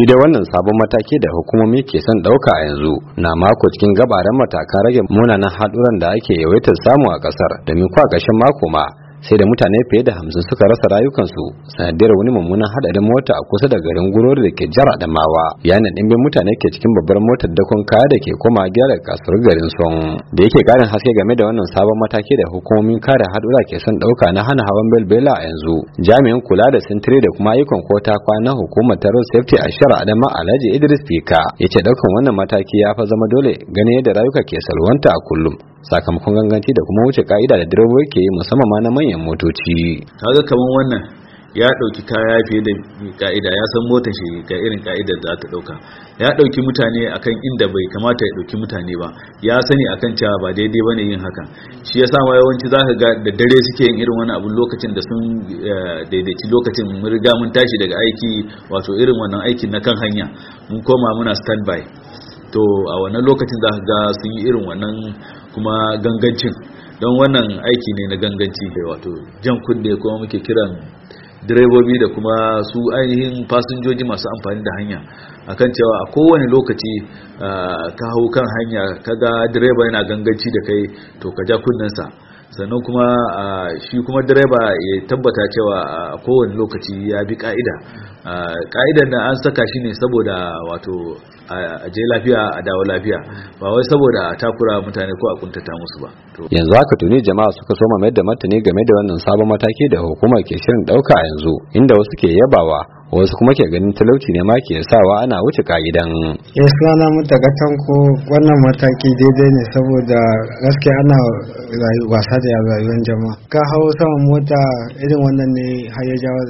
shi dai wannan sabon mataki da hukumomi ke son ɗauka a yanzu na mako cikin gabaran matakan rage munanan haduran da ake yawaitar samu a ƙasar domin kwa gashin mako ma sai da mutane fiye da hamsin suka rasa rayukansu sanadiyar wani mummunan hadarin mota a kusa da garin gurori da ke jara adamawa mawa da ɗimbin mutane ke cikin babbar motar dakon kaya da ke koma gyara kasuwar garin son da yake karin haske game da wannan sabon mataki da hukumomin kare hadura ke son ɗauka na hana hawan belbela a yanzu jami'in kula da sintiri da kuma ayyukan kota kwana hukumar ta road safety a shara adama alhaji idris fika ya ce ɗaukan wannan mataki ya fa zama dole ganin yadda rayuka ke salwanta a kullum sakamakon ganganci da kuma wuce ka'ida da direbobi ke yi musamman ma na manyan motoci kaga kaman wannan ya dauki kaya fiye da ka'ida ya san motar shi ga irin ka'idar da ta dauka ya dauki mutane akan inda bai kamata ya dauki mutane ba ya sani akan cewa ba daidai bane yin haka shi yasa ma yawanci zaka ga da dare suke yin irin wani abu lokacin da sun eh, daidaici lokacin mun riga mun tashi daga aiki wato irin wannan aikin na kan hanya mun koma muna standby to a wannan lokacin za ga sun yi irin wannan kuma gangancin don wannan aiki ne na ganganci wato jan kunne kuma muke kiran direbobi da kuma su ainihin fasinjoji masu amfani da hanya akan cewa a kowane lokaci ah, ka hau kan hanya kaga direba yana ganganci da kai to ka ja kunnensa sannan kuma shi kuma direba ya tabbata cewa a kowane lokaci ya bi ka'ida ka'idan da an saka shi ne saboda wato a je lafiya a dawo lafiya ba wai saboda a takura mutane ko a kuntata musu ba yanzu haka tuni jama'a suka soma mai da martani game da wannan sabon mataki da hukumar ke shirin dauka yanzu inda wasu ke yabawa wasu kuma ke ganin talauci ne ma ke sawa ana wuce ka'idan ya eh, na mata gatan ko wannan mataki daidai ne saboda gaskiya ana wasa da rayuwar jama'a ka hau sama mota irin wannan ne har ya jawo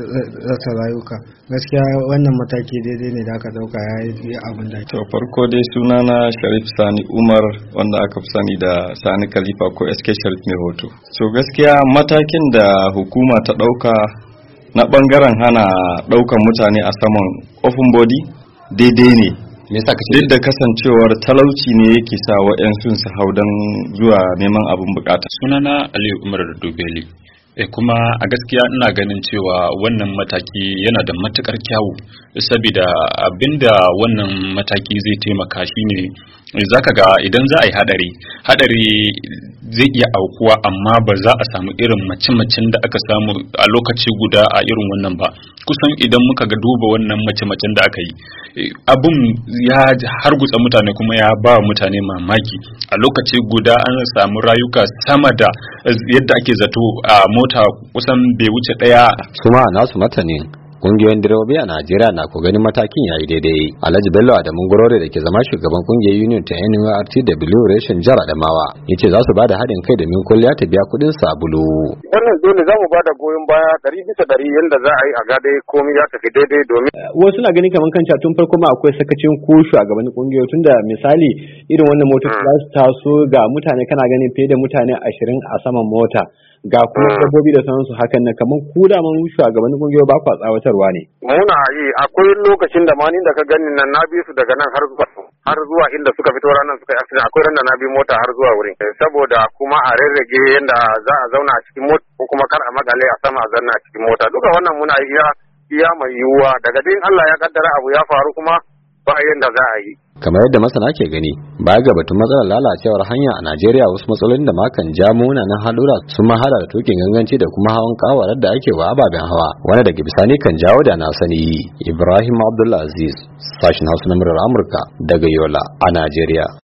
rasa rayuka gaskiya wannan mataki daidai ne da aka dauka ya yi abin da to farko dai sunana sharif sani umar wanda aka fi sani da sani khalifa ko sk sharif mai hoto so gaskiya matakin da hukuma ta dauka na bangaren hana daukan mutane a saman ofin body daidai ne duk da kasancewar talauci ne yake sa wa'yansu su hau don zuwa neman abin bukata sunana aliyu umar dubeli e kuma a gaskiya ina ganin cewa wannan mataki yana da matukar kyawu saboda abinda wannan mataki zai taimaka shine eh, zaka ga idan za a yi hadari hadari zai iya aukuwa amma ba za a samu irin mace-macen da aka samu a lokaci guda a irin wannan ba kusan idan muka ga duba wannan mace-macen da aka yi abin ya hargutsa mutane kuma ya ba mutane mamaki a lokaci guda an samu rayuka sama da yadda ake zato a mota kusan bai wuce daya su ma nasu ne. kungiyoyin direbobi a najeriya na ko ganin matakin yayi daidai alhaji bello adamu gurore da ke zama shugaban kungiyar union ta nurtw reshen jihar adamawa ya ce za su ba da haɗin kai da kulliya ta biya kuɗin sabulu wannan dole za mu ba da goyon baya ɗari bisa ɗari yadda za a yi a gade komai ya tafi daidai domin eh, wasu na gani kamar kan tun farko ma akwai sakacin ko shugabannin kungiyoyi tun da misali irin wannan motoci za su taso ga mutane kana ganin fiye da mutane ashirin a saman mota ga kuma hmm. dabbobi da sanansu hakan na kamar ku da man shugabannin kungiyoyi ba kwa tsawatarwa ne muna yi akwai lokacin da ma da ka gani nan na bi su daga nan har zuwa har zuwa inda suka fito ranar suka yi akwai akwai da na bi mota har zuwa wurin eh, saboda kuma a rarrage yadda za a zauna a cikin mota ko kuma kar a magale a sama a zanna a cikin mota duka wannan muna iya iya mai yiwuwa daga din Allah ya kaddara abu ya faru kuma ba yadda za a yi kamar yadda masana ke gani ba ga batun matsalar lalacewar hanya a Najeriya wasu matsalolin da makan ja munanan haɗura sun mahara da tukin ganganci da kuma hawan kawarar da ake wa ababen hawa wanda daga bisani kan jawo da na sani Ibrahim Abdulaziz sashen Hausa na murar Amurka daga Yola a Najeriya